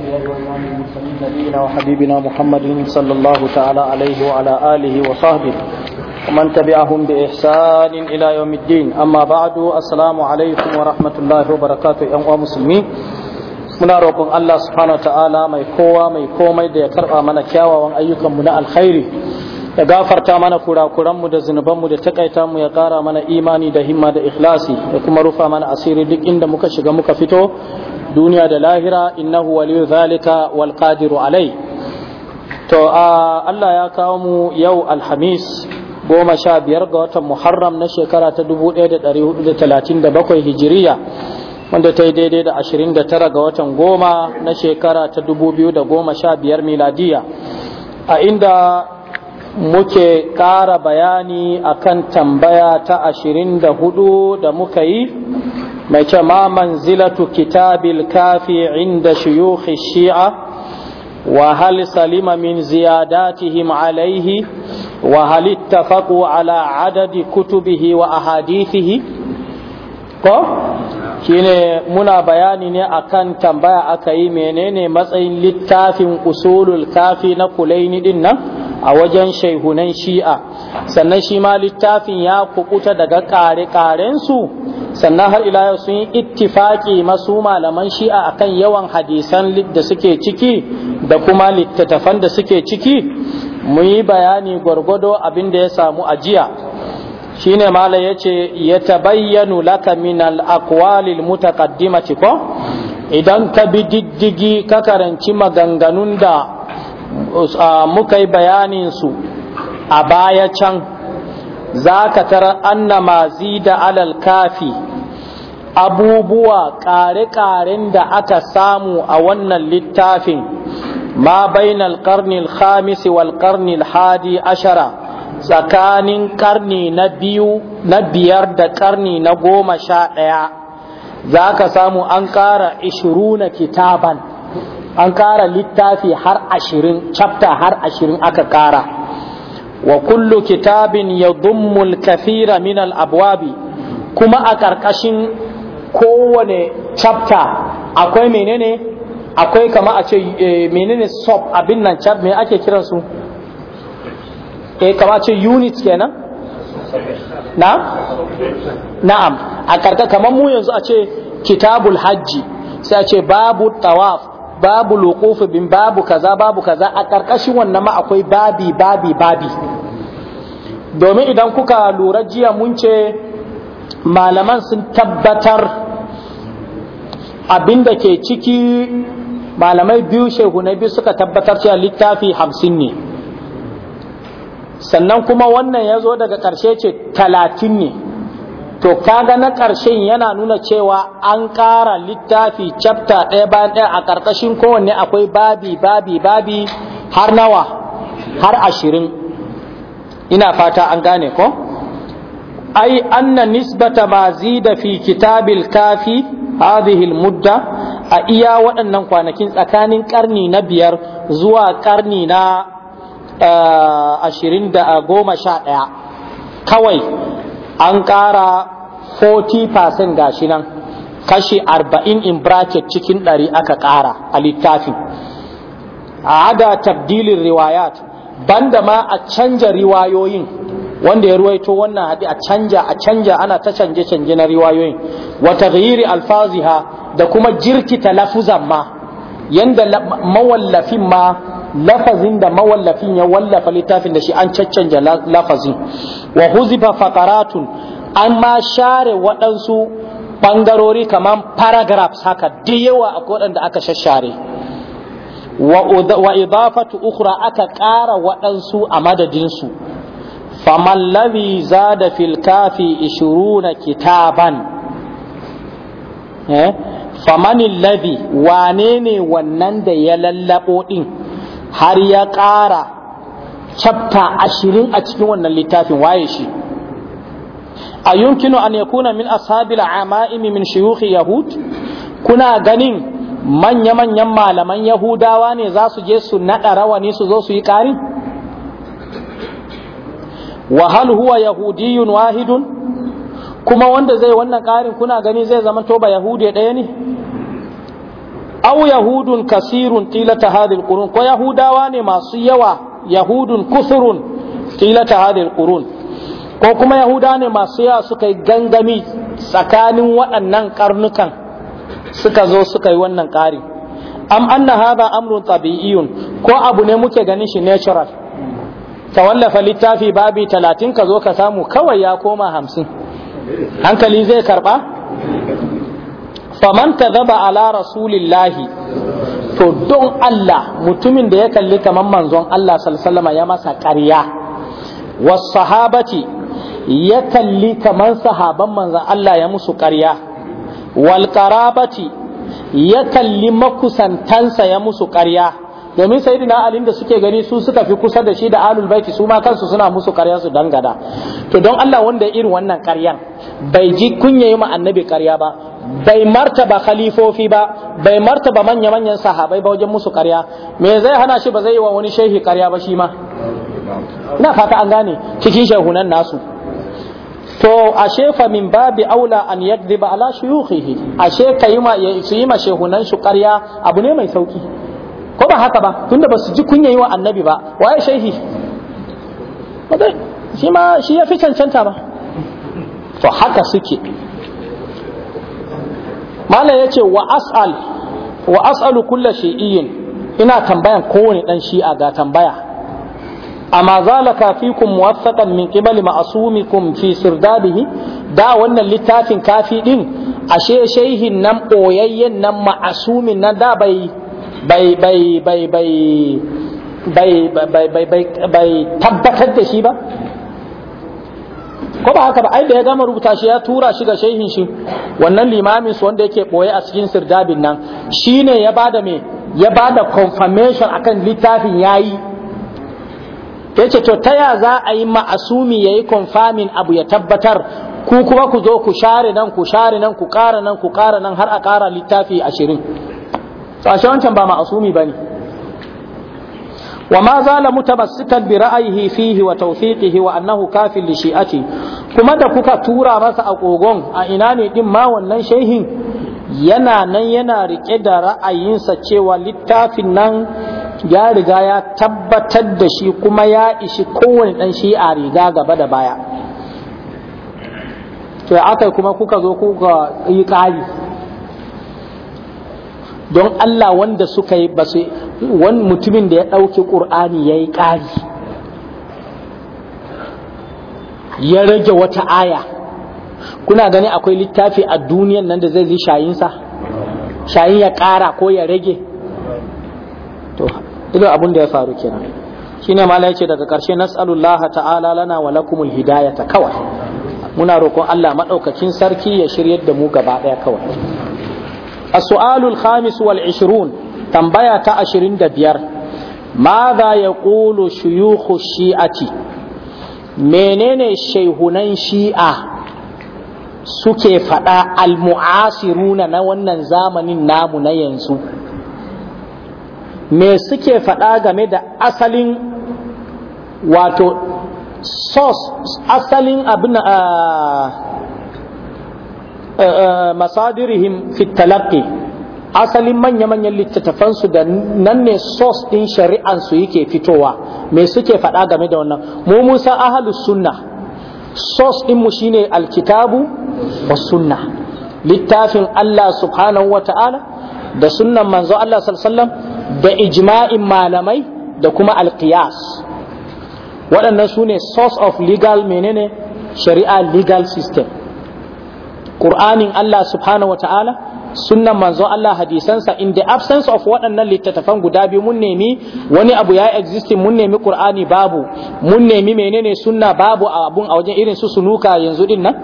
الأنبياء وإمام المرسلين نبينا وحبيبنا محمد صلى الله تعالى عليه وعلى آله وصحبه ومن تبعهم بإحسان إلى يوم الدين أما بعد السلام عليكم ورحمة الله وبركاته يا مسلمين muna roƙon Allah subhanahu wa ta'ala mai kowa mai komai da ya karɓa mana kyawawan ayyukanmu na alkhairi ya gafarta mana kurakuranmu da zunubanmu da takaita mu ya ƙara mana imani da himma da ikhlasi ya kuma rufa mana asiri duk inda muka shiga muka fito duniya da lahira innahu waliyu zalika wal qadiru alai to Allah ya kawo mu yau alhamis goma sha biyar ga watan muharram na shekara ta 1437 hijiriya wanda ta yi daidai da 29 ga watan goma na shekara ta 2015 miladiya a inda muke ƙara bayani akan tambaya ta 24 da muka yi mai ce ma manzilatu kitabil kafi inda shuyukhi shi'a wa hal salima min ziyadatihim alaihi wa hal ittafaqu ala adadi kutubihi wa ahadithihi ko shine muna bayani ne akan tambaya aka yi menene matsayin littafin usulul kafi na kulaini din nan a wajen shaihunan shi'a sannan shi ma littafin ya kukuta daga kare karensu sannan har ila yau sun yi ittifaki masu malaman shi'a akan yawan hadisan da suke ciki da kuma littattafan da suke ciki mu yi bayani gwargwado abin da ya samu ajiya shine mala yace yatabayyanu laka min al-aqwali al-mutaqaddimati ko idan ka bi diddigi ka karanci maganganun da muka yi bayanin su a baya can Za ka tara anna da alal kafi abubuwa kare ƙaren da aka samu a wannan littafin ma bainal qarnil khamis wal qarnil hadi ashara tsakanin karni na biyu na biyar da karni na goma sha ɗaya za ka samu an ƙara na kitaban an ƙara littafi har ashirin chapter har ashirin aka ƙara wa kullu kitabin ya dummul kafira min al'abwabi kuma a ƙarƙashin kowane chapter akwai menene akwai kama a ce eh, menene sub abin nan chapter me ake kiransu eh kama ce unit kenan na na'am a karka kamar mu yanzu a ce kitabul hajji sai a ce babu tawaf babu luqufu bin babu kaza babu kaza a karkashin wannan ma akwai babi babi babi domin idan kuka lura jiya mun ce malaman sun tabbatar abinda ke ciki malamai biyu shehu na biyu suka tabbatar cewa littafi hamsin ne sannan kuma wannan ya zo daga ƙarshe ce talatin ne to kaga na ƙarshen yana nuna cewa an ƙara littafi cafta ɗaya bayan ɗaya a ƙarƙashin kowanne akwai babi babi babi har nawa har ashirin ina fata an gane ko ai anna nisbata ma zida fi kitabil kafi hadhihi mudda a iya waɗannan kwanakin tsakanin ƙarni na biyar zuwa ƙarni na Eh, ashirin da eh, goma sha ɗaya kawai an ƙara 40% gashi nan kashi 40 in bracket cikin ɗari aka ƙara a littafin a hada tabdilin riwayat banda ma a canja riwayoyin wanda ya ruwaito wannan haɗi a canja a canja ana ta canje canje na riwayoyin wa taghyiri alfaziha da kuma jirkita lafuzan ma yanda mawallafin ma lafazin da mawallafin ya wallafa littafin da shi an caccanja lafazin wa huzifa faqaratun an ma share waɗansu ɓangarori kamar paragraphs haka da yawa a waɗanda aka shashare wa idafatu ukhra aka ƙara waɗansu a madadinsu faman ladhi da filkafi kafi 20 kitaban eh? famanin faman ladhi wane ne wannan da ya lallaɓo ɗin? har ya ƙara chapter ashirin a cikin wannan littafin waye shi a yumkinu an yakuna min ashabil ama'imi min shuyukhi yahud kuna ganin manya-manyan malaman yahudawa ne za su je su naɗa rawani su zo su yi ƙari wa hal huwa yahudiyun wahidun kuma wanda zai wannan ƙarin kuna gani zai zama toba yahudi ɗaya ne au yahudun kasirun tilata hadil qurun ko yahudawa ne masu yawa yahudun kusurun tilata hadil qurun ko kuma yahudawa ne masu yawa suka yi gangami tsakanin waɗannan karnukan suka zo suka yi wannan ƙari am anna hadha amrun tabi'iyun ko abu ne muke ganin shi natural ka wallafa littafi babi talatin ka zo ka samu kawai ya koma hamsin hankali zai karba faman kadhaba ala rasulillahi to don Allah mutumin da ya kalli kamar manzon Allah sallallahu ya masa ƙarya was sahabati ya kalli kamar sahaban manzon Allah ya musu ƙarya wal qarabati ya kalli makusantansa ya musu ƙarya domin sayyidina alin da suke gani su suka fi kusa da shi da alul baiti su ma kansu suna musu karya su dangada to don Allah wanda irin wannan karyan bai ji kunya yi annabi karya ba bai martaba khalifofi ba bai martaba manya-manyan sahabai ba wajen musu karya me zai hana shi ba zai yi wa wani shehi karya ba shi ma na fata an gane cikin shehunan nasu to ashe fa min babi aula an yakdiba ala shuyukhihi ashe ma su yi ma shehunan su karya abu ne mai sauki ko ba haka ba tunda ba su ji kunya yi wa annabi ba waye shehi shi ma shi ya fi cancanta ba to haka suke malam yace ce wa as'alu kullu shay'in ina tambayan kowane dan shi'a ga tambaya amma zalaka fikum muwaffaqan min qibali ma'sumikum fi sirdabihi da wannan littafin kafi din ashe shehin nan oyayyen nan ma'asumin nan da bai bai bai bai bai bai bai bai tabbatar da shi ba ko ba haka ba ai da ya gama rubuta shi ya tura shi ga shehin shi wannan limamin su wanda yake boye a cikin sirdabin nan shine ya bada me ya bada confirmation akan littafin yayi yace to taya za a yi ma'asumi yayi confirming abu ya tabbatar ku kuma ku zo ku share nan ku share nan ku kara nan ku kara nan har a kara littafi ashirin to wancan ba ma'asumi bane Wa maza mu taɓa sikan bira'ai,hifihwa,taufi,kahiwa, annahu, kafili, shi a ti? Kuma da kuka tura masa a kogon a ina ne ɗin ma wannan shayin? Yana nan yana riƙe da ra'ayinsa cewa littafin nan ya riga ya tabbatar da shi kuma ya ishi kowane ɗan shi a riga gaba da baya. To a kai kuma kuka zo kuka kai yi ƙari? Don Allah wanda suka yi ba sai? wani mutumin da ya ɗauki ƙur'ani ya yi ƙari ya rage wata aya kuna gani akwai littafi a duniyan nan da zai yi shayinsa shayin ya ƙara ko ya rage to ido abin da ya faru shi ne mala yake daga ƙarshe nas'alullaha ta'ala lana wa lakumul hidayata kawai muna roƙon Allah madaukakin sarki ya shiryar da mu gaba ɗaya kawai A sualul khamis wal tambaya ta ashirin da biyar ماذا يقول شيوخ الشيعة menene shehunan shi'a suke faɗa almu'asiruna na wannan zamanin namu na yanzu me suke faɗa game da asalin wato source asalin abin a ah, ah, ah, masadirihim asalin manya-manyan littattafansu da nan ne sos ɗin shari'ansu yake fitowa me suke faɗa game da wannan mu musa ahalus sunna sos ɗinmu shine alkitabu wa sunna littafin Allah subhanahu wa ta'ala da sunnan manzo Allah sallallahu da ijma'in malamai da kuma alqiyas waɗannan sune ne source of legal menene shari'a legal system ƙur'anin Allah subhanahu wa ta'ala sunnan manzon Allah hadisansa in the absence of waɗannan littattafan guda biyu mun nemi wani abu ya existing mun nemi Qur'ani babu mun nemi menene sunna babu a abun a wajen irin su sunuka yanzu din nan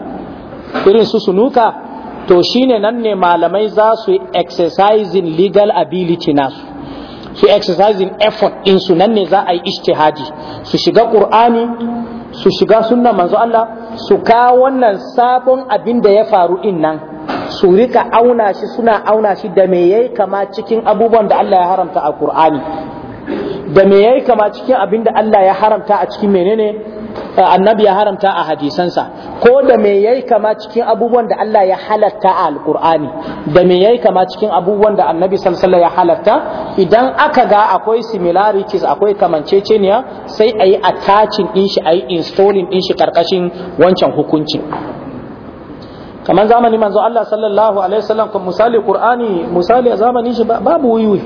irin su sunuka to shine nan ne malamai za su exercising legal ability nasu su exercising effort in su nan ne za a yi ijtihadi su shiga qur'ani su shiga sunna manzo Allah su kawo wannan sabon abin da ya faru din nan su rika auna shi suna auna shi da me yayi kama cikin abubuwan da Allah ya haramta a Qur'ani da me yayi kama cikin abin da Allah ya haramta a cikin menene eh, annabi ya haramta a hadisansa ko da me yayi kama cikin abubuwan da Allah ya halatta a Qur'ani da me yayi kama cikin abubuwan da annabi sallallahu ya halatta idan aka ga akwai similarities akwai kamanceceniya sai ayi attaching din shi ayi installing din shi karkashin wancan hukuncin kamar zamani manzo Allah sallallahu alaihi wasallam kuma misali Qur'ani misali a zamanin shi babu wuyuwi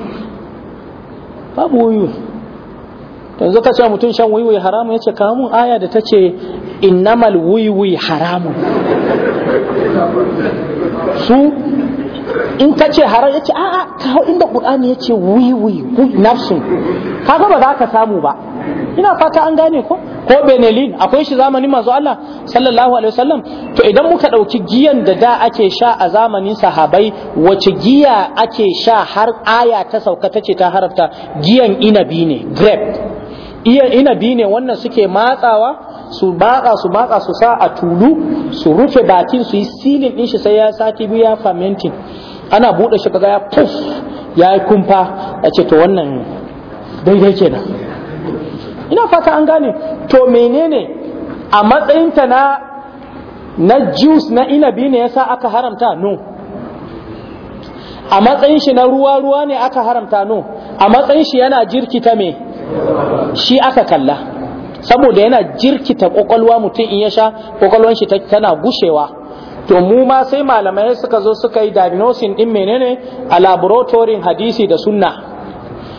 babu wuyuwi yanzu ka ce mutum shan wuyuwi haramun yace ka mun aya da tace innamal wuyuwi haramun su in ka ce haram yace a'a hau inda qur'ani yace wiwi nafsun kaga ba za ka samu ba ina fata an gane ko ko benelin akwai shi zamanin manzo Allah sallallahu alaihi wasallam to idan muka dauki giyan da da ake sha a zamanin sahabai wace giya ake sha har aya ta sauka tace ta harafta giyan inabi ne grape iya inabi ne wannan suke matsawa su baka su baka su sa a tulu su rufe bakin su yi silin din shi sai ya sati biyu ya fermenting ana bude shi kaga ya puff ya yi kumfa a ce to wannan daidai kenan ina fata an gane to menene a matsayinta na na juice na inabi ne yasa aka haramta no a matsayin shi na ruwa ruwa ne aka haramta no a matsayin shi yana jirkita me shi aka kalla saboda yana jirkita kwakwalwa mutum in ya sha kwakwalwan shi tana gushewa to mu ma sai malamai suka zo suka yi diagnosing din menene a laboratory hadisi da sunna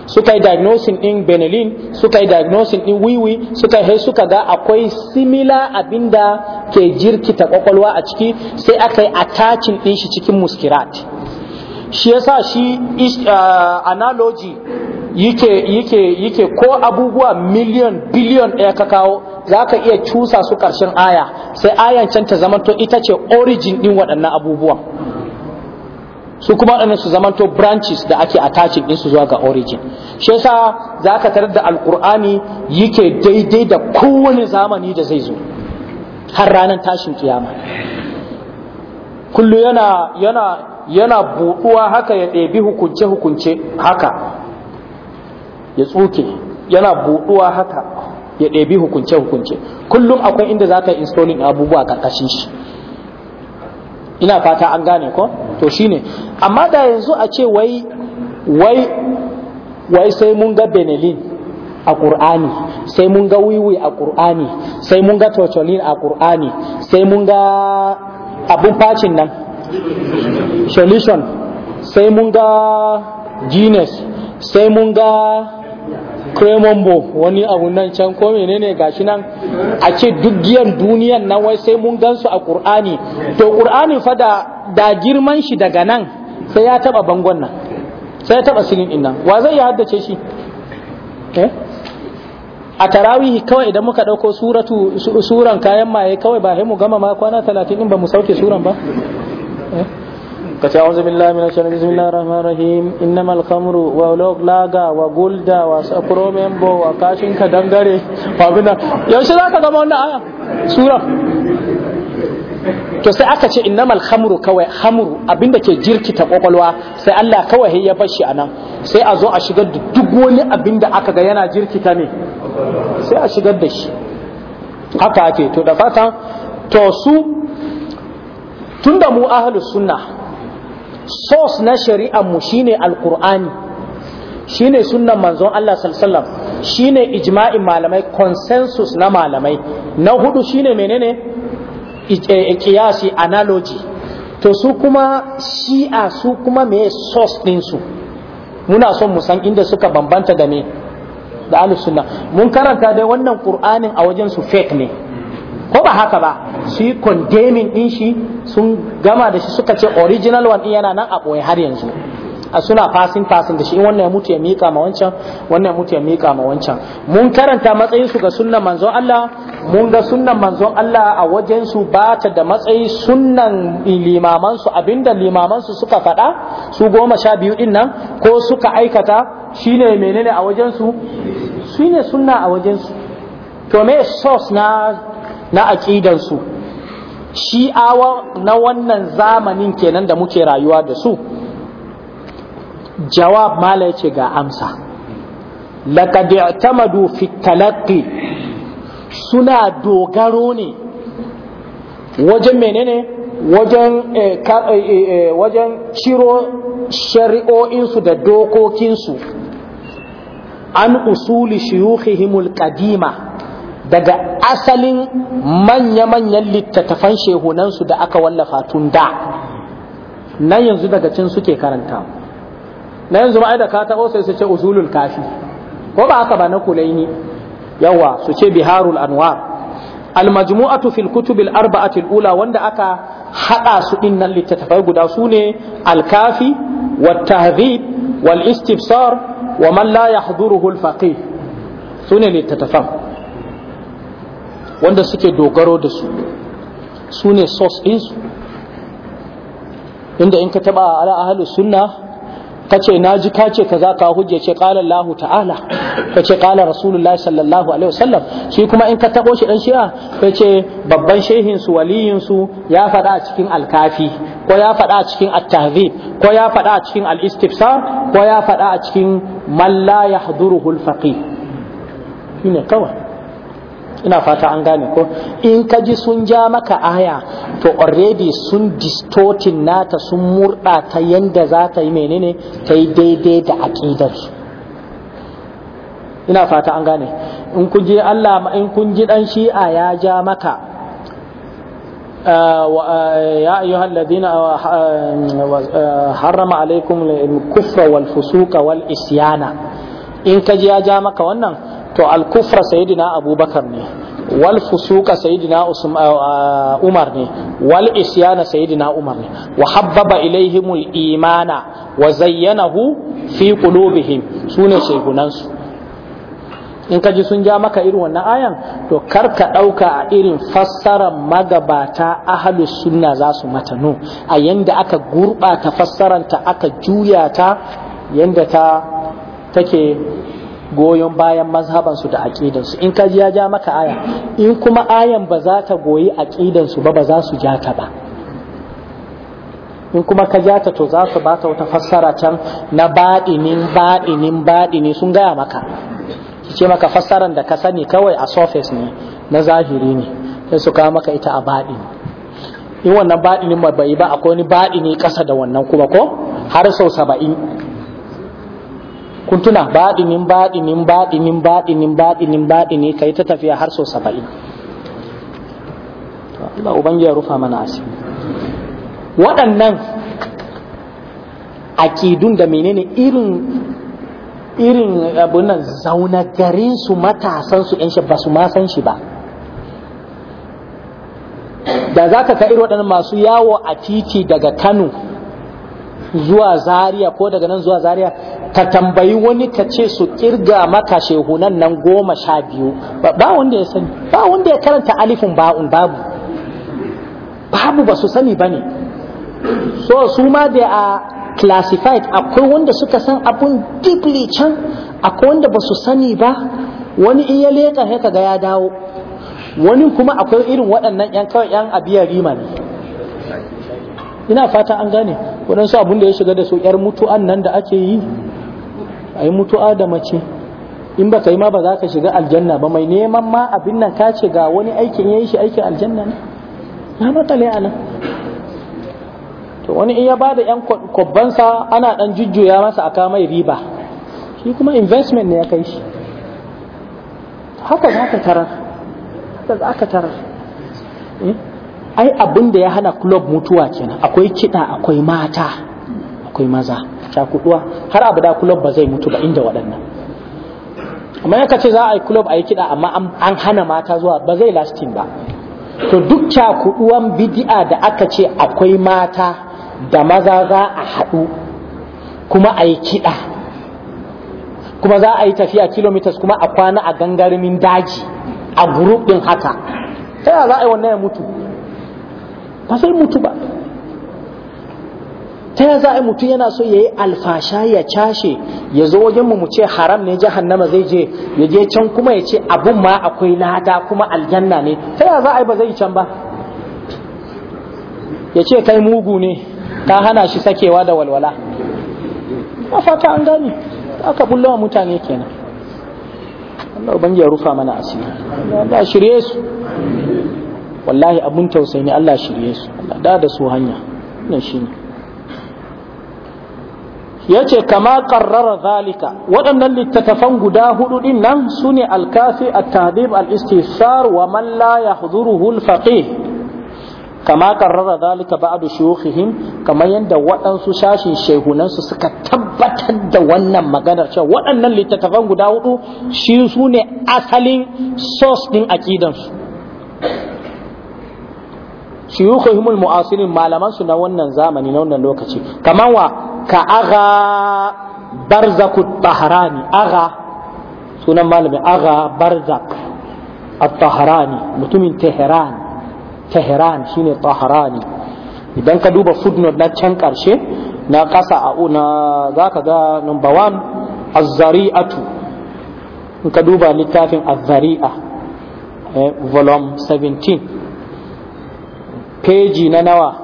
suka yi diagnosing din benelin suka yi diagnosing din wiwi suka yi suka ga akwai similar abinda ke jirkita kwakwalwa a ciki sai aka yi attaching din shi cikin muskirat shi yasa shi uh, analogy yake yake yake ko abubuwa miliyan biliyon ɗaya ka kawo za ka iya cusa su ƙarshen aya sai ayan can ta zamanto ita ce origin ɗin waɗannan abubuwan su kuma waɗannan su zamanto branches da ake attaching su zuwa ga origin shi yasa za ka tarar da alƙur'ani yake daidai da kowane zamani da zai zo har ranar tashin kiyama kullu yana yana yana buɗuwa haka ya ɗebi hukunce-hukunce haka ya tsuke yana buɗuwa haka ya ɗebi hukunce-hukunce kullum akwai inda za ka yi installing abubuwa ƙarƙashin shi ina fata an gane ko to shine amma da yanzu a ce wai wai wai sai mun ga benelin a ƙur'ani sai mun ga wiwi a ƙur'ani sai mun ga tocholin a ƙur'ani sai mun ga abun facin nan solution sai mun ga genus sai mun ga kremombo wani abu nan can ko menene gashi nan a ce duk giyan duniyan nan wai sai mun gansu a qur'ani to qur'ani fa da da girman shi daga nan sai ya taba bangon nan sai ya taba silin nan wa zai ya haddace shi eh? a tarawihi kawai idan muka dauko suratu suran kayan maye kawai ba mu gama ma kwana 30 din ba mu sauke suran ba kace a'udhu billahi minash shaitanir rajim bismillahir rahmanir rahim innamal khamru wa ulug laga wa gulda wa sakro membo wa kashin ka dangare wa bina yaushe zaka gama wannan aya sura to sai aka ce innamal khamru kawai khamru abinda ke jirkita kwakwalwa sai Allah kawai ya bar shi anan sai a zo a shigar da duk wani abinda aka ga yana jirkita ne sai a shigar da shi haka ake to da fatan to su tunda mu ahlus sunna source na shari'ar mu shine alqur'ani shine sunnan manzon Allah sallallahu alaihi wasallam shine ijma'in malamai consensus na malamai na hudu shine menene kiyasi eh, analogy to su kuma shi'a su kuma me source din su muna son mu san inda suka bambanta da me da ahlus mun karanta dai wannan qur'anin a wajen su fake ne ko ba haka ba su yi condemning din shi sun gama da shi suka ce original one din yana nan a ɓoye har yanzu a suna fasin fasin da shi in wannan ya mutu ya mika ma wancan wannan ya mutu ya mika ma wancan mun karanta matsayin su ga sunnan manzon Allah mun ga sunnan manzon Allah a wajen su ba ta da matsayi sunnan limaman su abinda limaman su suka faɗa su goma sha biyu din nan ko suka aikata shine menene a wajen su shine sunna a wajen su to me source na na aƙidansu shi'awa na wannan zamanin kenan da muke rayuwa da su jawab mala yace ga amsa laqad i'tamadu fi talaqqi suna dogaro ne wajen menene wajen eh, eh, eh, wajen ciro shari'o'insu da dokokinsu an usuli shuyukhihimul qadima daga asalin manya-manyan littattafan shehunansu da aka wallafa tun da nan yanzu daga cin suke karanta na yanzu ma'ai da ka taɓo sai su ce usulul kafi ko ba haka ba na kulaini yawa su ce biharul anwar almajmu'atu fil kutubil arba'ati ula wanda aka hada su din nan littattafai guda su ne alkafi wat tahdhib wal istifsar wa man la yahduruhu al faqih su ne littattafan wanda suke dogaro da su su ne source ɗinsu inda in ka taɓa ala ahalus sunna ka ce na ji ka ce za ka hujja ce qala ta'ala ka ce qala Rasulullahi sallallahu alaihi wasallam shi kuma in ka tabo shi dan shi'a ka ce babban shehin su waliyin su ya faɗa a cikin alkafi ko ya faɗa a cikin at-tahzib ko ya faɗa a cikin al-istifsar ko ya faɗa a cikin man la yahduruhu al-faqih shine kawai ina fata an gane ko in ka ji sun ja maka aya to already sun distortin nata sun murda ta yanda za ta yi menene ta yi daidai da aƙidar ina fata an gane in kun ji Allah in kun ji dan shi'a ya ja maka يا أيها الذين حرم عليكم الكفر والفسوق والإسيان in ka ji ya ja maka wannan to al-kufra sayyidina abubakar ne wal fusuqa sayyidina uh, uh, umar ne wal isyana sayyidina umar ne wa habbaba ilaihimul imana wa zayyanahu fi qulubihim sune shehunan su in ka ji sun ja maka irin wannan ayan to kar ka ɗauka a irin fassarar magabata ahalus sunna za su mata no a yanda aka gurɓata fassaranta aka juya ta yanda ta take goyon bayan su da aƙidansu in ka ji ya ja maka aya in kuma ayan ba za ta goyi aƙidansu ba ba za su ja ta ba in kuma ka ja ta to za su ba ta wata fassara can na baɗinin baɗinin baɗini sun gaya maka ki ce maka fassaran da ka sani kawai a surface ne na zahiri ne sai su kawo maka ita a baɗini in wannan baɗinin bai ba akwai wani baɗini ƙasa da wannan kuma ko har sau saba'in kun tuna baɗinin baɗinin baɗinin baɗinin baɗinin baɗini ka yi ta tafiya har so saba'in Allah ubangi ya rufa mana asiri waɗannan akidun da menene irin irin abunan zauna garin su matasan su 'yan shi ba su ma san shi ba da za ka ka irin waɗannan masu yawo a titi daga kano zuwa zariya ko daga nan zuwa zariya ka tambayi wani ka ce su kirga maka shehunan nan goma sha biyu ba wanda ya sani ba wanda ya karanta alifin ba'un babu babu ba su sani ba ne so su ma da a classified akwai wanda suka san abun deeply can akwai wanda ba su sani ba wani in ya leƙa haka ga ya dawo wani kuma akwai irin waɗannan 'yan kawai 'yan abiyar rima ne ina fata an gane waɗansu abin da ya shiga da su yar mutu'an nan da ake yi a yi mutu'a da mace in ba ka yi ma ba za ka shiga aljanna ba mai neman ma abin nan ka ce ga wani aikin ya yi shi aikin aljanna ne ya matsale a nan to wani in ya ba da 'yan kwabbansa ana ɗan jujjuya masa a mai riba shi kuma investment ne ya kai shi haka za ka tarar haka za ka tarar eh? ai abin da ya hana club mutuwa kenan akwai kiɗa akwai mata akwai maza cakuduwa har abada club ba zai mutu ba inda waɗannan amma ya ce za a yi club a yi kiɗa amma an hana mata zuwa ba zai lasting ba to duk cakuduwan bidi'a da aka ce akwai mata da maza za a haɗu kuma a yi kiɗa kuma za a yi tafiya kilomitas kuma a kwana a gangarmin daji a gurubin haka ta za a yi wannan ya mutu ba zai mutu ba ta ya za mutu yana so ya yi alfasha ya cashe ya zo wajen mu ce haram ne jahannama zai je ya je can kuma ya ce abun ma akwai lada kuma aljanna ne ta ya za ba zai can ba ya ce kai mugu ne ta hana shi sakewa da walwala a fata an gani aka bullawa mutane kenan Allah ubangi ya rufa mana asiri Allah shirye su wallahi abun tausayi ne Allah shirye su Allah da da su hanya nan shine yace kama qarrara zalika waɗannan littattafan guda hudu din nan sune al-kafi at-tahdhib al-istisar wa man la yahduruhu al-faqih kama qarrara zalika ba'du shuyukhihim kamar yanda waɗansu shashin shehunan su suka tabbatar da wannan maganar cewa waɗannan littattafan guda hudu shi sune asalin source din aqidan shuyukhuhum almu'asirin malaman su na wannan zamani na wannan lokaci kaman wa ka aga Barzaku tahrani aga sunan malami aga barzak at-tahrani mutumin tehran tehran shine tahrani idan ka duba footnote na can karshe na kasa a una zaka ga number 1 az-zari'atu in ka duba littafin az-zari'a eh, volume 17 peji na nawa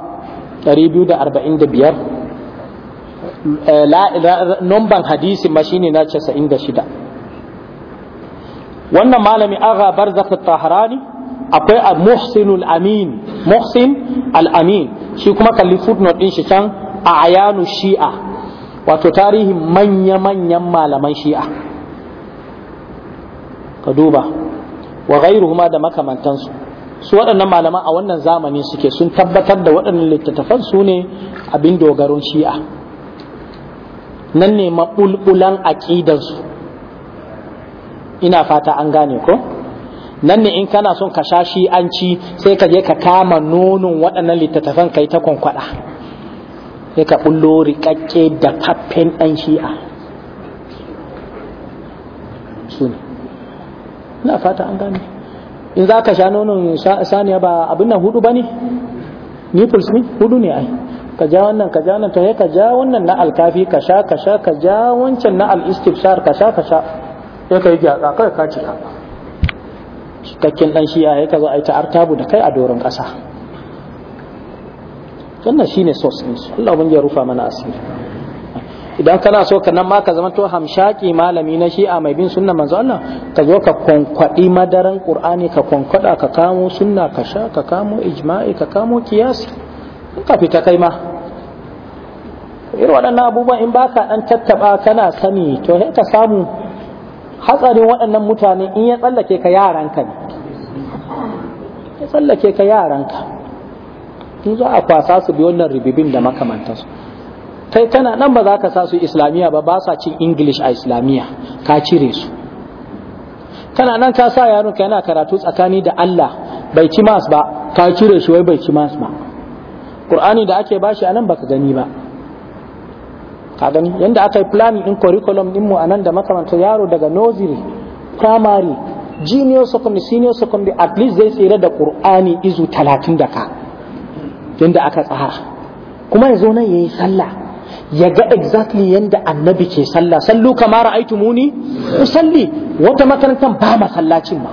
245 eh, numban hadisi ma shine na 96 wannan malami aga barzakh tahrani akwai al muhsin amin muhsin al-amin shi kuma kalli footnote din shi can ayanu shi'a wato tarihin manya-manyan malaman shi'a ka duba wa gairuhuma da makamantansu su waɗannan malaman a wannan zamani suke sun tabbatar da waɗannan littattafan su ne abin dogaron shi'a nan ne maɓulɓulan aƙidansu ina fata an gane ko nan ne in kana son ka sha shi'anci sai ka je ka kama nonon waɗannan littattafan kai ta kwankwaɗa sai ka ɓullo riƙaƙƙe da faffen ɗan shi'a su ne ina fata an gane in za ka sha nonon saniya ba abin nan hudu ba ne nipples ne hudu ne ai ka ja wannan ka ja wannan to ka ja wannan na alkafi ka sha ka sha ka ja wancan na al-istifsar ka sha ka sha sai ka yi gyatsa kai ka cika cikakken dan shi ya ka zo ai ta artabu da kai a doron kasa wannan shine source din Allah ubangiji ya rufa mana asiri idan kana so ka nan ma ka zama to hamshaki malami na shi'a mai bin sunna manzo Allah ka zo ka konkwadi madaran qur'ani ka konkwada ka kamo sunna ka sha ka kamo ijma'i ka kamo kiyasi In ka fita kai ma irin waɗannan abubuwan in baka dan tattaba kana sani to sai ka samu hatsarin waɗannan mutane in ya tsallake ka yaranka ne ya tsallake ka yaranka in za a kwasa su bi wannan ribibin da makamantansu kai kana nan ba za ka sa su islamiyya ba ba sa cin english a islamiyya ka cire su kana nan ka sa yaron ka yana karatu tsakani da Allah bai ci mas ba ka cire shi wai bai ci mas ba qur'ani da ake bashi anan baka gani ba ka gani yanda aka yi planning din curriculum din mu anan da makamanta yaro daga nursery primary junior secondary senior secondary at least zai tsira da qur'ani izu 30 da ka yanda aka tsaha. kuma ya nan yayi sallah ya ga exactly yadda annabi ke sallah sallu kama ra'aytumuni usalli wata makarantar ba masallacin ma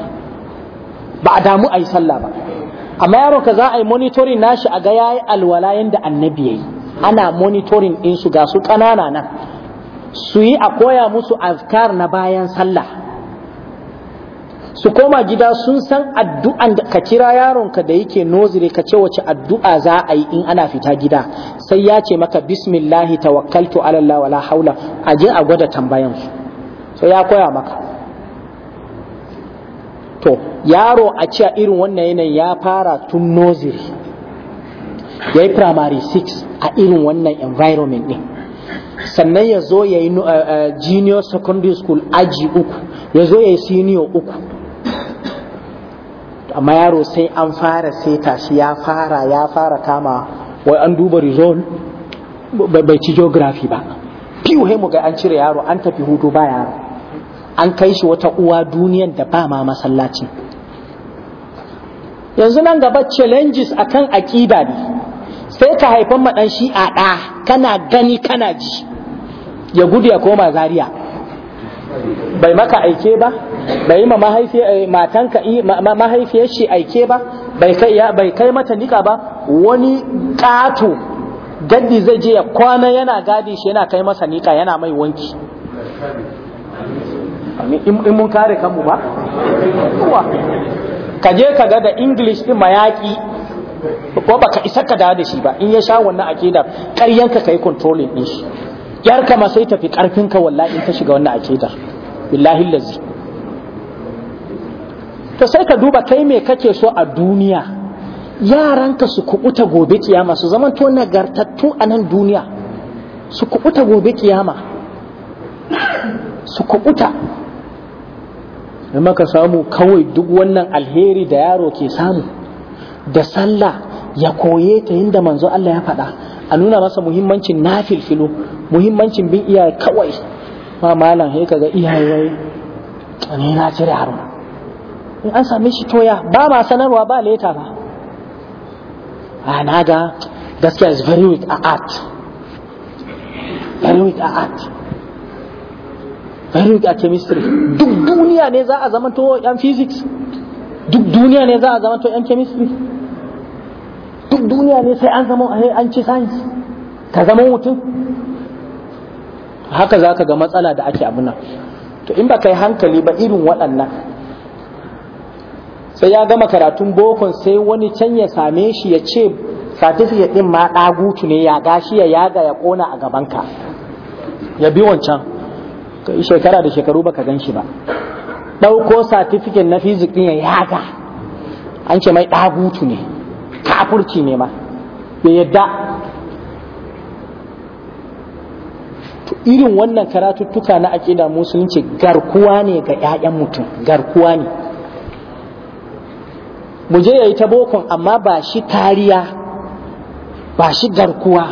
ba a damu a yi sallah ba amma yaro ka za a yi monitoring nashi a ga yayi alwala yanda annabi ya yi. ana monitoring din su ga su kanana nan su yi a koya musu azkar na bayan sallah su koma gida sun san addu'an da ka kira yaronka da yake nozire ka ce wace addu'a za a yi in ana fita gida sai ya ce maka bismillahi tawakkaltu ala Allah wala haula a je a gwada tambayan su sai ya koya maka to yaro a ce irin wannan yanayin ya fara tun nozire ya yi primary 6 a irin wannan environment ɗin sannan ya zo ya yi eh, eh, junior secondary school aji uku ya zo ya yi senior uku amma yaro sai an fara seta shi ya fara ya fara kama wai an duba rizol bai ci geography ba piyu mu ga an cire yaro an tafi hudu ba yaro an kai shi wata uwa duniyan da ba ma masallaci yanzu nan gaba challenges akan aƙida ne sai ka haifan maɗan shi a ɗa kana gani kana ji ya gudu ya koma zaria bai maka aike ba bai yi ma eh, matanka mahaifiyar shi aike ba bai kai mata nika ba wani ƙato gaddi zai je ya kwana yana gadi shi yana kai masa nika yana mai wanki in mun kare kanmu ba ka je ka ga da english din mayaki ko baka isa ka da shi ba in ya sha wannan akida ƙaryanka ka yi controlling din shi yarka ma sai tafi karfinka wallahi in ka shiga wannan akidar billahi lazi to sai ka duba kai me kake so a duniya yaranka su kubuta gobe kiyama su zaman to nagartattu a nan duniya su kubuta gobe kiyama su kubuta maka samu kawai duk wannan alheri da yaro ke samu da sallah ya koye ta yadda manzo Allah ya faɗa a nuna masa muhimmancin na filfilo, muhimmancin bin iyaye kawai ma malam sai kaga iyaye wai ne na cire harma in an same shi toya ba ma sanarwa ba leta ba a na ga gaskiya is very weak a art very weak a art very weak a chemistry duk duniya ne za a zamanto yan physics duk duniya ne za a zamanto yan chemistry duk duniya ne sai an zama eh, an ci sanji ka zama mutum haka za ka ga matsala da ake abu nan to in ba kai yi hankali ba irin waɗannan sai ya gama karatun bokon sai wani can ya same shi ya ce certificate ɗin ma ɗagutu ne ya gashi ya yaga ya ƙona a gabanka ya bi wancan shekara da shekaru baka gan shi ba ɗauko certificate na fizik ɗin ya yaga an ce mai ɗagutu ne kafurci ne ma ya yadda irin wannan karatuttuka na aƙida musulunci garkuwa ne ga 'ya'yan mutum garkuwa ne muje je ya yi ta bokon amma ba shi tariya, ba shi garkuwa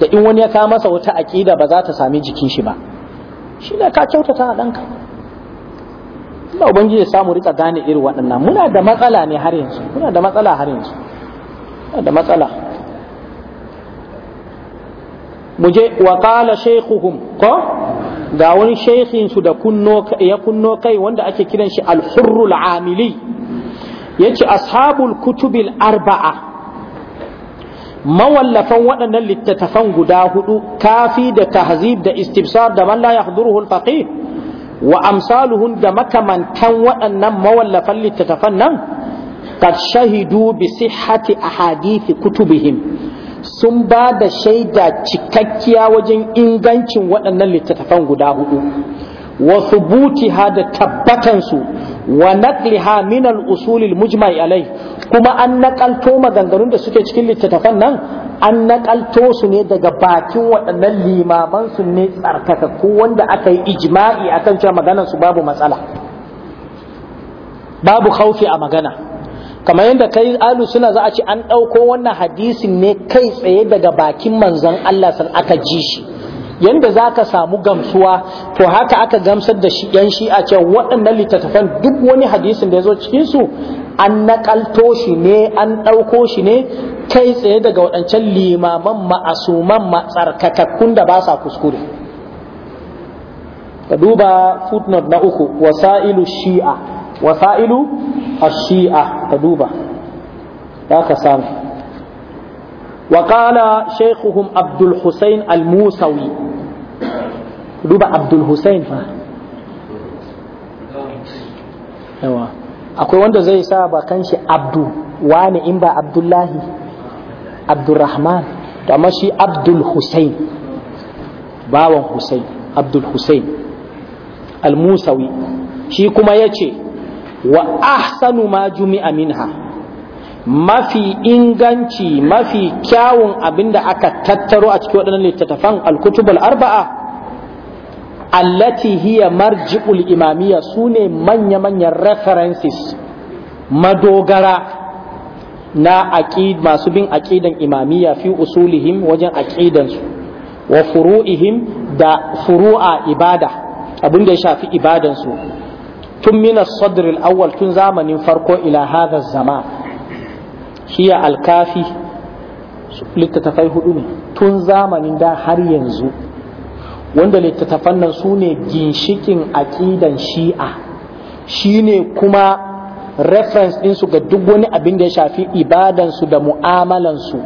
da in wani ya kawo masa wata aƙida ba za ta sami jikin shi ba shi ne ka kyautata a ɗanka Allah ubangiji ya samu rika gane irin waɗannan muna da matsala ne har yanzu muna da matsala har yanzu muna da matsala muje wa qala shaykhuhum ko ga wani shaykhin su da kunno ya kunno kai wanda ake kiran shi al-hurrul amili yace ashabul kutubil arba'a mawallafan waɗannan littattafan guda hudu kafi da tahzib da istibsar da man la yahdhuruhu al-faqih wa amsaluhun da makamantan waɗannan mawallafan littattafan nan kad shahidu bi sihhati ahadithi kutubihim sun ba da shaida cikakkiya wajen ingancin waɗannan littattafan guda hudu wa thubutiha da tabbatansu wa naqliha min al-usul al-mujma'i alai kuma an ma maganganun da suke cikin littattafan nan an naƙalto su ne daga bakin waɗannan limaman su ne ko wanda aka yi ijma'i akan cewa maganar su babu matsala babu khaufi a magana kamar yadda kai alu suna za a ce an ɗauko wannan hadisin ne kai tsaye daga bakin manzon Allah san aka ji shi yanda za ka samu gamsuwa to haka aka gamsar da shi yan shi'a cewa waɗannan littattafan duk wani hadisin da ya zo cikinsu an naƙalto shi ne an ɗauko shi ne kai tsaye daga waɗancan limaman ma'asuman matsarkakakkun da ba sa kuskure ka duba footnote na uku wasa'ilu shi'a wasa'ilu a shi'a ka duba za ka samu وقال شيخهم عبد الحسين الموسوي دوبا عبد الحسين فا akwai wanda zai sa ba kanshi abdu wani in ba abdullahi abdurrahman to amma shi abdul husain bawan husain abdul husain al shi kuma yace wa ahsanu ma a minha mafi inganci mafi kyawun abinda aka tattaro a cikin waɗannan littattafan alkutubul arba'a allati hiya marji'ul imamiyya sune manya-manyan references madogara na aqid masu bin aqidan imamiyya fi usulihim wajen aqidansu wa furu'ihim da furu'a ibada abinda ya shafi ibadansu tun mina sadril awwal tun zamanin farko ila hadha zaman hiya alkafi littattafai hudu ne tun zamanin da har yanzu wanda littattafan nan su ne ginshikin aƙidan shi'a shi ne kuma reference ɗinsu ga duk wani abin da ya shafi ibadansu da mu'amalansu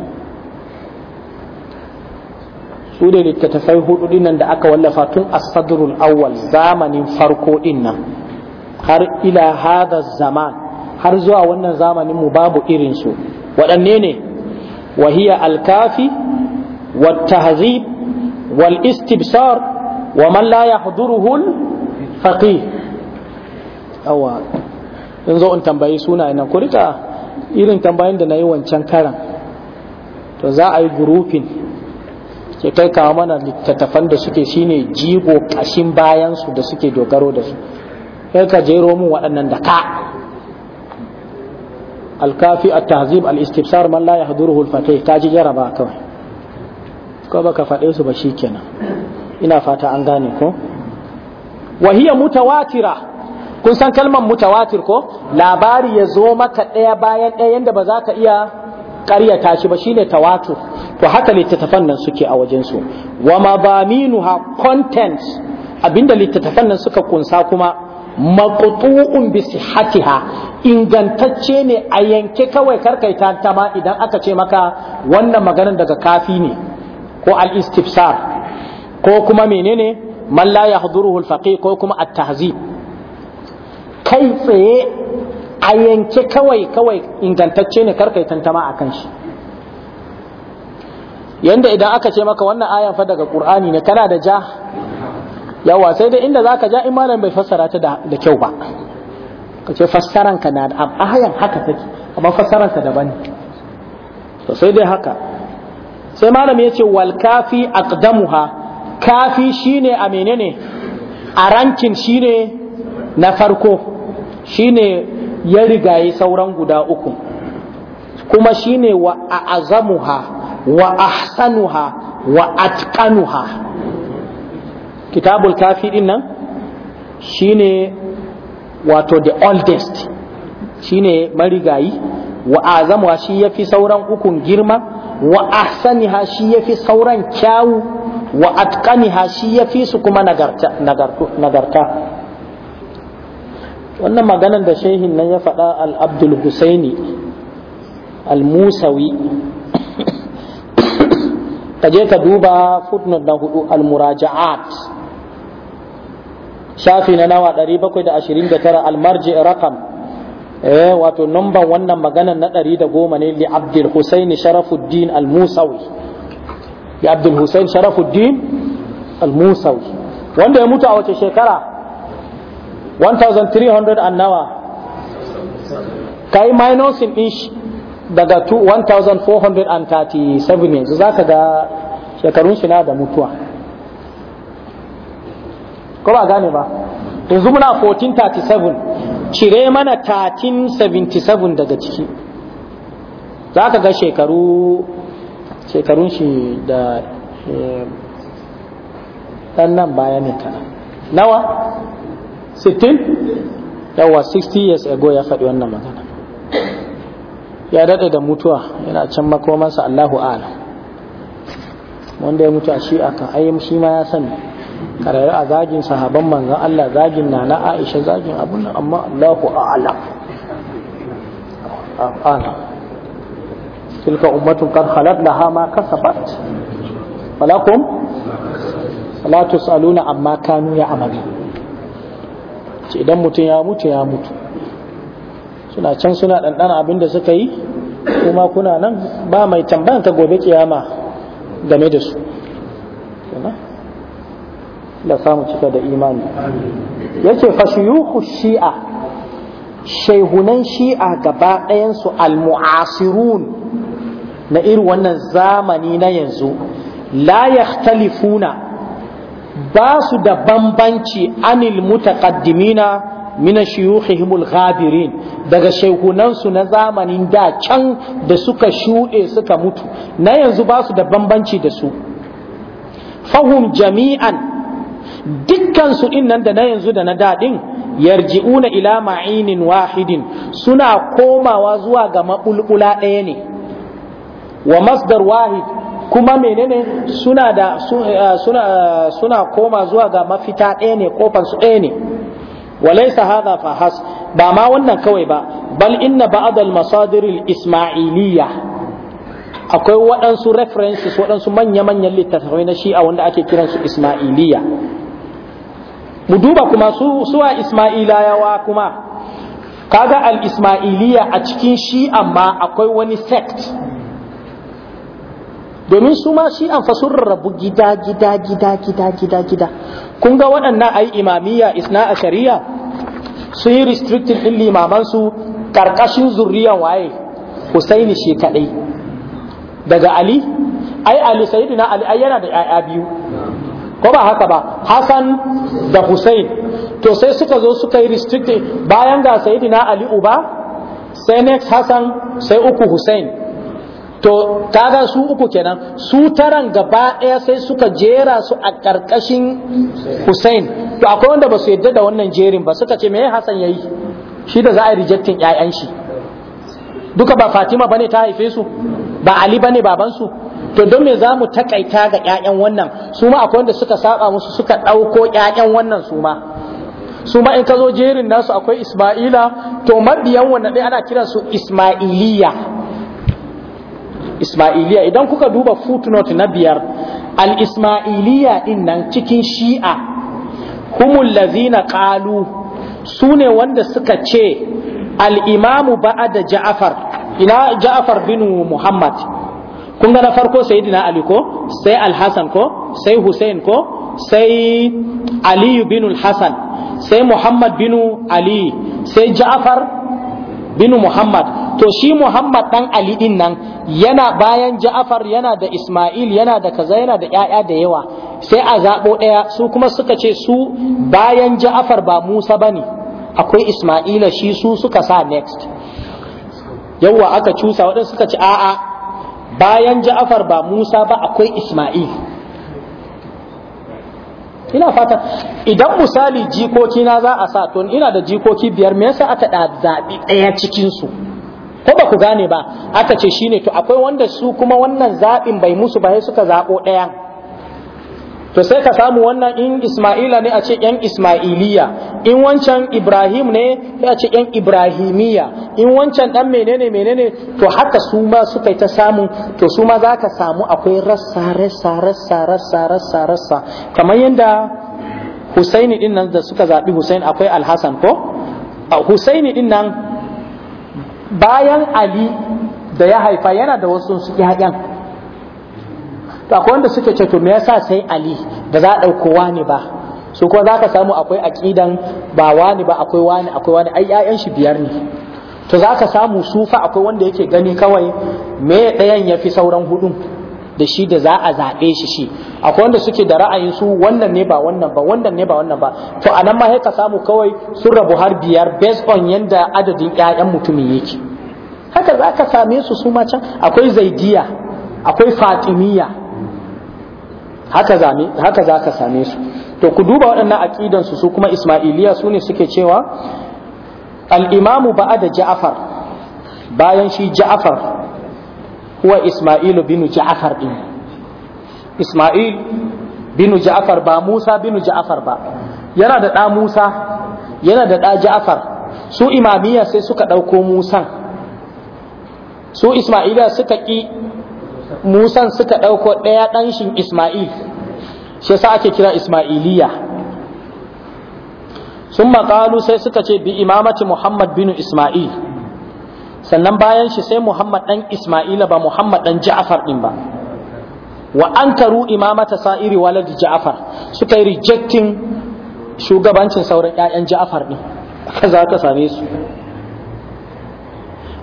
su ne littattafai hudu dinnan da aka wallafa tun asadurul awwal zamanin farko dinnan har ila hada zaman har zuwa wannan zamanin mu babu irin su waɗanne ne wahiya alkafi wa tahzib wal istibsar wa man la yahduruhu al faqih awa in zo in tambayi suna ina ku rika irin tambayin da na yi wancan karan to za a yi grouping ke kai kawo mana littattafan da suke shine jigo kashin bayansu da suke dogaro da su kai ka jero mun waɗannan da ka alkafi a tahzib al-istibsar man la yahduruhu al-fatih ka ji jaraba kawai ko baka faɗe su ba shikenan ina fata an gane ko wa hiya mutawatira kun san kalmar mutawatir ko labari ya zo maka ɗaya bayan ɗaya yadda ba za ka iya ƙaryata shi ba shine tawatu. to haka littattafan nan suke a wajen su wa ha content abinda littattafan nan suka kunsa kuma maqtu'un bi sihhatiha ingantacce ne a yanke kawai karkaita ta ma idan aka ce maka wannan maganar daga kafi ne ko al-istifsar ko kuma menene man la yahduruhu al-faqih ko kuma at-tahzib kai tsaye a yanke kawai kawai ingantacce ne karkaita ta ma akan shi yanda idan aka ce maka wannan ayan fa daga qur'ani ne kana da ja yawa sai dai inda zaka ja in malam bai fassara ta da kyau ba ka ce fassaran ka na da ayan haka take amma fassaran ka daban to sai dai haka sai malam ya ce wal kafi aqdamuha kafi shine a menene a rankin shine na farko shine ya rigaye sauran guda uku kuma shine wa azamuha wa ahsanuha wa atqanuha kitabul kafi din nan shine wato the oldest shine marigayi wa azamuwa shi yafi sauran ukun girma wa ahsaniha shi yafi sauran kyawu wa atqaniha shi yafi su kuma nagarta nagarta wannan maganar da shehin nan ya faɗa al-abdul husaini al-musawi ka je ka duba footnote na hudu al-muraja'at shafi na nawa 729 almarji rakam eh wato numban wannan maganan na 110 ne li abdul husain sharafuddin al-musawi ya abdul husain sharafuddin al-musawi wanda ya mutu a wace shekara 1300 an nawa kai minus in ish daga 1437 yanzu zaka ga shekarun shi na da mutuwa ko ba gane ba yanzu muna 1437 cire mana 1377 daga ciki za ka ga shekaru shekarun shi da eh, ɗan nan baya ne kana nawa 16 yawa 60 years ago ya faɗi wannan magana ya daɗe da mutuwa yana can makomansa Allahu ala wanda ya mutu a shi aka ayyam shi ma ya sani karare a zagin sahaban manzan Allah zagin na na Aisha zagin abun nan amma Allahu a'ala a'ala ah, tilka ummatun qad khalat laha ma kasabat walakum la tusaluna amma kanu ya amali ce idan mutum ya mutu ya mutu suna can suna ɗanɗana abin suka yi kuma kuna nan ba mai tambayan gobe kiyama game da su la cika da imani yace fa shuyukhu shi'a shaihunan shi'a gaba ɗayan su mu'asirun na irin wannan zamani na yanzu la yakhtalifuna ba su da bambanci anil mutaqaddimina min shuyukhihim al-ghabirin daga shaihunansu na zamanin da can da suka shuɗe suka mutu na yanzu ba su da bambanci da su fahum jami'an dukkansu innan da na yanzu da na daɗin yarji'una ila ma'inin wahidin suna komawa zuwa ga maɓulɓula ɗaya ne wa masdar wahid kuma menene suna da eh, suna suna koma zuwa ga mafita ɗaya ne kofar su ɗaya ne walaysa hadha fahas ba ma wannan kawai ba bal inna ba'd al masadir al isma'iliyya akwai waɗansu references waɗansu manya-manyan littattafai na shi'a wanda ake kiransu ismailiya mu duba kuma suwa suwa ismailayawa kuma kaga al-ismailiya a cikin shi amma akwai wani sect domin su ma shi an fasun rabu gida gida gida gida gida gida kun ga waɗannan ai imamiyya isna a shari'a su yi restricted ɗin su ƙarƙashin zurriyan waye husaini shi shekaɗai. daga ali ai ali sayidu ali ai yana da ƴaƴa biyu ko ba haka ba Hassan da Husain, to sai suka zo suka yi restricted bayan ga Sayyidina Ali uba sai next Hassan sai uku Husain. to kaga su uku kenan su taran gaba ɗaya sai suka jera su a ƙarƙashin Husain. to akwai wanda ba su yadda da wannan jerin ba suka ce me Hassan yayi shi da za a rejecting 'ya'yan shi duka ba Fatima bane ta haife su ba Ali bane baban su to don me za mu takaita ga ƴaƴan wannan su ma akwai wanda suka saba musu suka ɗauko ƴaƴan wannan su ma su ma in ka zo jerin nasu akwai isma'ila to mabiyan wannan ɗaya ana kiran su isma'iliya isma'iliya idan kuka duba footnote na biyar al isma'iliya din nan cikin shi'a humul lazina qalu su ne wanda suka ce al imamu ba'ada ja'far ina ja'far bin muhammad kun ga na farko sayyidina ali ko sai Alhassan, ko sai hussein ko sai Aliyu bin al sai muhammad bin ali sai ja'far bin muhammad to shi muhammad dan ali din nan yana bayan ja'far yana da isma'il yana da kaza yana da ƴaƴa da yawa sai a zabo ɗaya su kuma suka ce su bayan ja'far ba musa bane akwai isma'ila shi su suka sa next yawwa aka cusa waɗansu suka ce a'a bayan ja'afar ba musa ba akwai isma'il ina fata idan misali jikoki na za a sa to ina da jikoki biyar me yasa aka zaɓi ɗaya cikin su ko ba ku gane ba aka ce shine to akwai wanda su kuma wannan zaɓin bai musu ba sai suka zaɓo ɗaya to sai ka samu wannan in Ismaila ne a ce ‘yan Ismailiya, in wancan Ibrahim ne sai a ce ‘yan Ibrahimiya, in wancan ɗan menene menene to haka su ma suka yi ta samu, to su ma za ka samu akwai rassa rassa rassa rassa rassa rassa kamar yadda Husaini din nan da suka zaɓi Husain akwai Alhassan ko? Husaini din nan bayan Ali da ya haifa yana da wasu ‘ya'yan. to akwai wanda suke cewa me yasa sai ali da za a ɗauko wani ba su kuma za ka samu akwai aƙidan ba wani ba akwai wani akwai wani ai ƴaƴan shi biyar ne to za ka samu sufa akwai wanda yake gani kawai me ɗayan yafi sauran hudun da shi da za a zaɓe shi shi akwai wanda suke da ra'ayin su wannan ne ba wannan ba wannan ne ba wannan ba to a ma sai ka samu kawai sun rabu har biyar based on yanda adadin ƴaƴan mutumin yake haka zaka same su su ma can akwai zaidiya akwai fatimiyya haka zame haka zaka same su to ku duba waɗannan aqidan su su kuma ismailiya su ne suke cewa al-imamu ba'da ja'far bayan shi ja'far huwa ismailu bin ja'far din ismail bin ja'far ba musa bin ja'far ba yana da ɗa musa yana da ɗa ja'far su imamiya sai suka ɗauko musan su ismailiya suka ƙi musan suka ɗauko ɗaya ɗanshin isma'il shi sa ake kira isma'iliya sun maƙalu sai suka ce bi imamati muhammad bin isma'il sannan bayan shi sai muhammad ɗan isma'ila ba muhammad ɗan ja'afar ɗin ba wa an karu imamata sa'iri walad ja'afar suka yi rejecting shugabancin sauran 'ya'yan ja'afar ɗin kaza za ka same su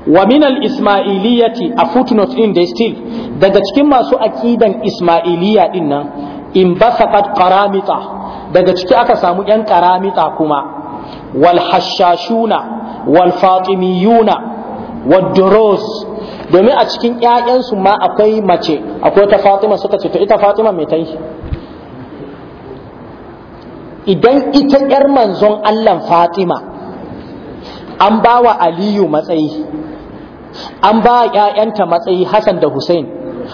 wa ismailiyati a footnote din da still daga cikin masu aqidan ismailiya din nan in basaqat qaramita daga ciki aka samu yan qaramita kuma wal hashashuna wal fatimiyuna wad domin a cikin ƴaƴansu ma akwai mace akwai ta Fatima suka ce to ita Fatima me ta yi idan ita ƴar manzon Allah Fatima an ba wa aliyu matsayi an ba ‘ya'yanta matsayi hassan da hussein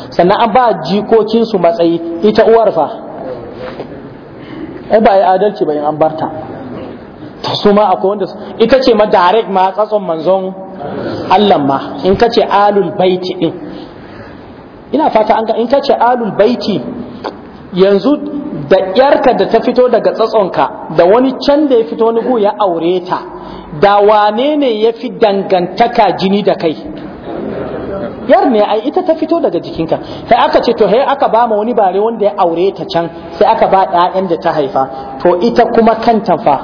sannan an ba jikokinsu matsayi ita uwar fa ba ya adalci ba in an barta ta su ma akwai wanda ita ce ma direct ma tsatson manzon allah ma in ka ce alul baiti din ina fata an ga in ka ce alul baiti yanzu da yarka da ta fito daga tsatsonka da wani can da ya fito wani ya aure ta da wane ne ya fi dangantaka jini da kai yar ne ai ita ta fito daga jikinka sai aka ce to he aka ba ma wani bare wanda ya aure ta can sai aka ba ɗayan da ta haifa to ita kuma kanta fa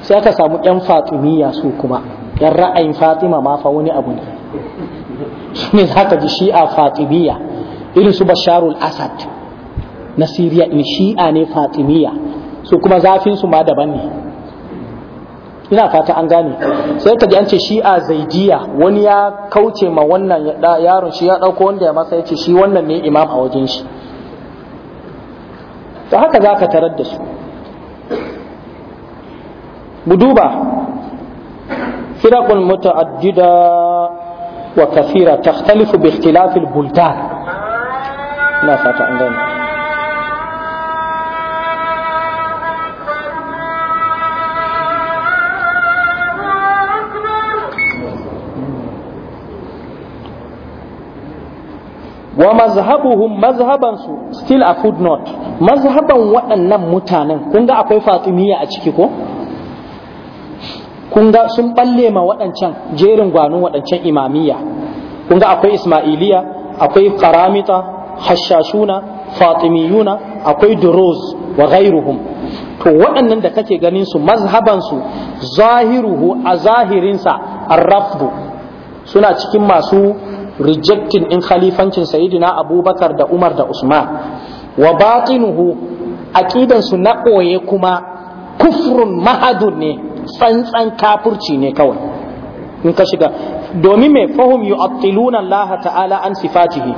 sai aka samu yan fatimiyya su kuma yan ra'ayin fatima ma fa wani abu ne ne za ka ji shi'a fatimiyya irin su basharul asad na Siriya in shi'a ne Fatimiyya su kuma zafin su ma daban ne ina fata an gane sai ka ji an ce shi'a zaidiya wani ya kauce ma wannan yaron shi ya dauko wanda ya masa yace shi wannan ne imam a wajen shi to haka zaka tarar da su mu duba firaqul muta'addida wa kathira takhtalifu bi ikhtilafil buldan ina fata an gane wa mazhabuhum mazhaban su still a footnote mazhaban waɗannan mutanen kun ga akwai fatimiyya a ciki ko kun ga sun balle ma waɗancan jerin gwanon waɗancan imamiyya kun ga akwai ismailiya akwai karamita hashashuna fatimiyuna akwai duroz wa ghairuhum to waɗannan da kake ganin su mazhaban su zahiruhu a zahirinsa arrafdu suna cikin masu rejecting in khalifancin sayidina abubakar da umar da usman wa batinuhu aqidansu na ɓoye kuma kufrun mahadun ne tsantsan kafurci ne kawai in ka shiga domin mai fahim yu'attiluna Allah ta'ala an sifatihi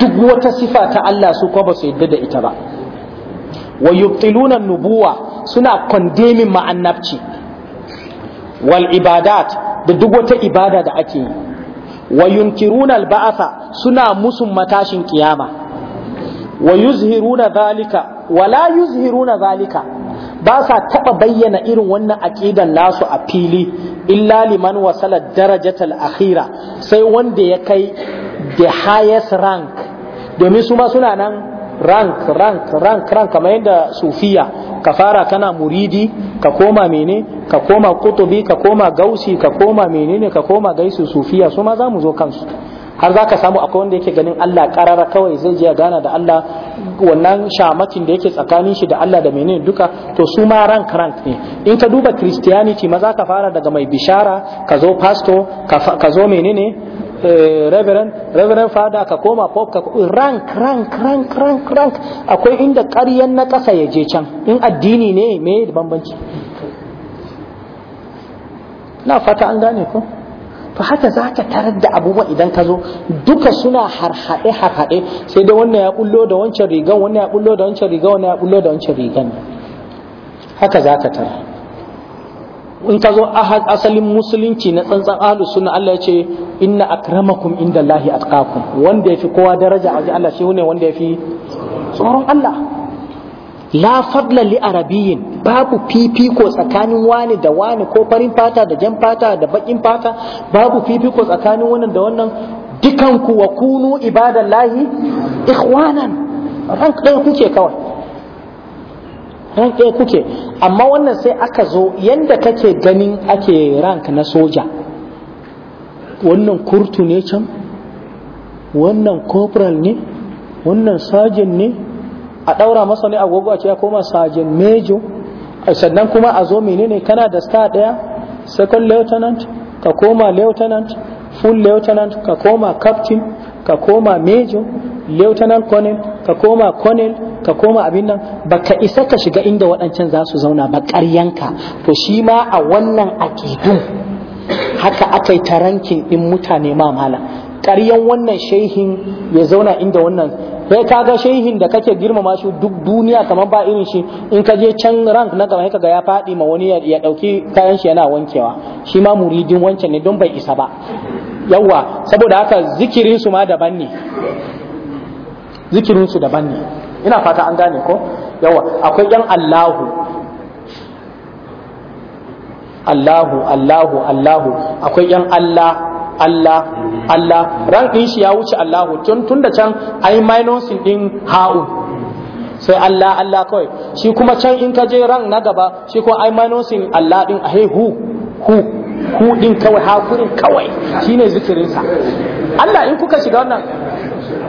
duk wata sifa ta Allah su ko ba su yadda da ita ba wa yubtiluna nubuwa suna condemning ma'annabci wal ibadat da duk wata ibada da ake yi wa yunkiruna al-ba'atha suna musun matashin kiyama wa yuzhiruna zalika wa la zalika ba sa taba bayyana irin wannan aƙidan nasu a fili illa liman wasala darajatal akhira sai wanda ya kai the highest rank domin su suna nan rank rank rank rank kamar yadda sufiya ka fara kana muridi ka koma mene ka koma kutubi ka koma gausi ka koma menene ka koma gaisu sufiya su ma za mu zo kansu har za ka samu akwai wanda yake ganin Allah karara kawai zai je gana da Allah wannan shamakin da yake tsakanin shi da Allah da menene duka to su ma rank rank ne in ka duba christianity maza ka fara daga mai bishara ka zo pastor ka zo menene Eh, reverend reverend father ka koma pop ka rank rank rank rank rank akwai inda ƙaryan na ƙasa ya je can in addini ne me da bambanci na fata an gane ko to haka za ka tarar da abubuwa idan ka zo duka suna harhaɗe harhaɗe sai dai wannan ya bullo da wancan rigan wannan ya bullo da wancan rigan wannan ya bullo da wancan rigan haka za ka tarar in ka zo asalin musulunci na tsantsan ahlus sunna Allah ya ce inna akramakum inda Allahi atqakum wanda ya fi kowa daraja a Allah shi ne wanda ya fi tsoron Allah la fadla li arabiyyin babu fifiko tsakanin wani da wani ko farin fata da jan fata da bakin fata babu fifiko tsakanin wannan da wannan dukan ku wa kunu ibadallahi ikhwanan ran ɗaya kuke kawai ran ɗaya kuke amma wannan sai aka zo yanda kake ganin ake rank na soja wannan kurtu ne can wannan corporal ne wannan sajen ne a ɗaura masa ne agogo a ce ya koma sajen mejo sannan kuma a zo menene kana da star ɗaya second lieutenant ka koma lieutenant full lieutenant ka koma captain ka koma major lieutenant colonel ka koma colonel ka koma abin nan baka isa ka shiga inda waɗancan za su zauna ba ƙaryanka to shi ma a wannan aƙidun haka aka yi tarankin din mutane ma mala ƙaryan wannan shehin ya zauna inda wannan sai ga shehin da kake girmama shi duk duniya kamar ba irin shi in ka je can rank na gaba kaga ya faɗi ma wani ya ɗauki kayan shi yana wankewa shi ma muridin wancan ne don bai isa ba Yawwa, saboda haka zikirin su ma daban ne zikirin su daban ne ina fata an gane ko Yawwa akwai yan Allahu Allahu Allahu Allahu akwai yan Allah Allah Allah ran ɗin shi ya wuce Allahu tun tun da can ai minusin din ha'u sai Allah Allah kawai shi kuma can in ka je ran na gaba shi ko ai minusin Allah din a hu hu hu din kawai hakurin kawai shine zikirinsa Allah in kuka shiga wannan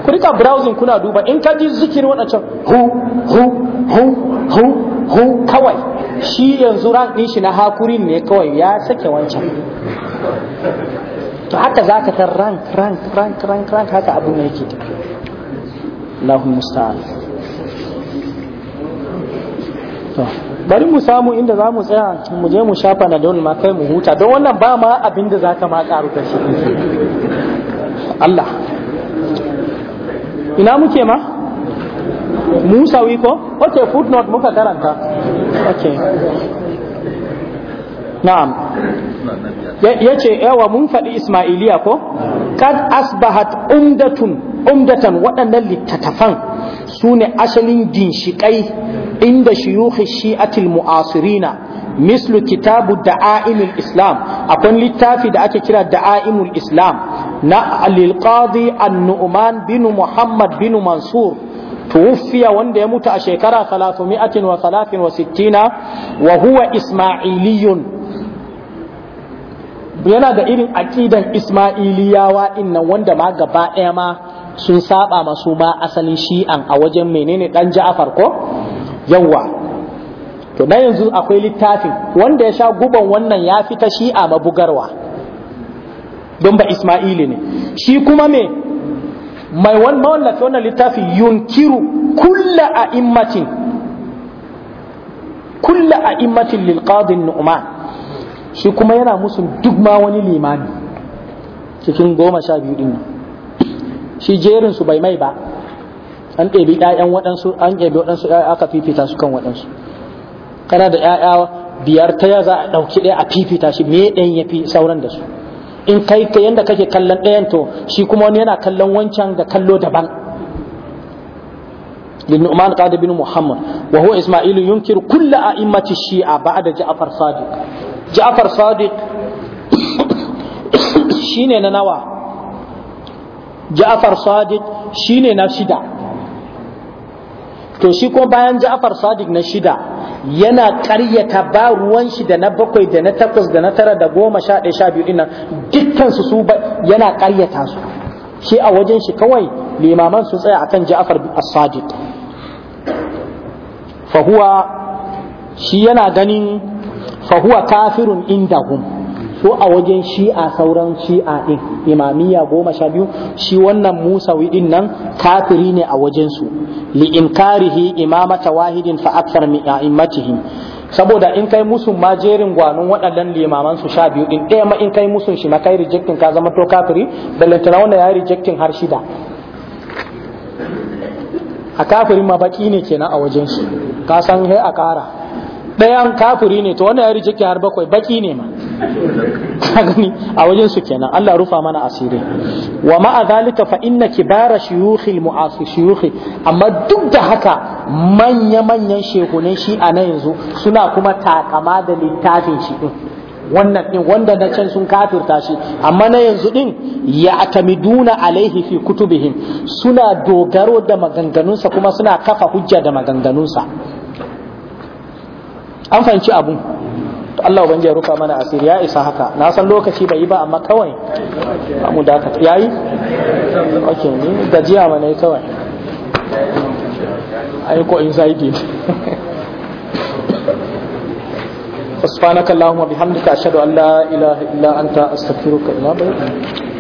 ku rika browsing kuna duba in ka ji zikirin can hu hu hu hu hu kawai shi yanzu ran ɗin shi na hakurin ne kawai ya sake wancan to haka za ka tar rank rank rank rank rank haka abu ne yake tafi Allahun musta'an to bari mu samu inda za mu tsaya mu je mu shafa na don ma kai mu huta don wannan ba ma abin da za ka ma karu da shi Allah ina muke ma Musa wiko? Ok, footnote muka karanta. okay na'am yace yawa mun faɗi ismailiya ko kad asbahat umdatun umdatan waɗannan littatafan su ne asalin ginshiƙai inda shiyuhi shi'atil mu'asirina mislu kitabu da'a'imul islam akwai littafi da ake kira da'a'imul islam na alilqadi an-nu'man bin muhammad bin mansur tuwuffiya wanda ya mutu a shekara 363 wa huwa isma'iliyun yana da irin aqidan isma'iliyawa innan wanda ma gaba ɗaya ma sun saba masu ma asalin shi'an a wajen menene ɗan ja'afar ko yawwa to dan yanzu akwai littafin wanda ya sha guban wannan ya fita shi'a mabugarwa don ba isma'ili ne shi kuma me mai mawallaka wannan littafi yunkiru kulla a immatin kulla a immatin lilqadin nu'man shi kuma yana musu duk ma wani limani cikin goma sha biyu din shi jerin su bai mai ba an ɗebi ƴaƴan waɗansu an ɗebi waɗansu aka fifita su kan waɗansu kana da ƴaƴa biyar ta ya za a ɗauki ɗaya a fifita shi me ɗayan ya fi sauran da su in kai ka yanda kake kallon ɗayan to shi kuma wani yana kallon wancan da kallo daban للنعمان قاد بن محمد وهو إسماعيل ينكر كل أئمة الشيعة بعد جعفر صادق جعفر صادق شين نوا جعفر صادق شين نفسدا to shi kuma bayan Ja'far Sadiq na shida yana ƙaryata ba ruwan shi da na bakwai da na takwas da na tara da goma sha ɗaya sha biyu ɗin nan dukkan su su yana ƙaryata su shi a wajen shi kawai limaman su tsaya akan Ja'far As-Sadiq fa shi yana ganin fahuwa huwa kafirun indahum su a wajen shi'a sauran shi'a din imamiyya goma sha biyu shi wannan Musa din nan kafiri ne a wajensu li inkarihi imamata wahidin fa akthar min saboda in kai musun ma jerin gwanon waɗannan limaman su sha biyu din ɗaya ma in kai musun shi ma kai rejectin ka zama to kafiri lantana wanda ya rejectin har shida a kafirin ma baki ne kenan a wajen su ka san he a kara ɗayan kafiri ne to wanda ya rejectin har bakwai baki ne ma a wajen su kenan Allah rufa mana asiri wa ma'a zalika fa inna kibara shuyukhil mu'asir shuyukh amma duk da haka manya manyan shehunan shi a na yanzu suna kuma takama da littafin shi din wannan din wanda na can sun kafirta shi amma na yanzu din ya atamiduna alaihi fi kutubihim suna dogaro da maganganunsa kuma suna kafa hujja da maganganunsa an fahimci abun to Allah ban ya rufa mana asiri ya isa haka na san lokaci bai yi ba amma kawai mu dakata yayi okay ni gajiya ma ne kawai ai ko سبحانك اللهم وبحمدك أشهد أن لا إله إلا أنت أستغفرك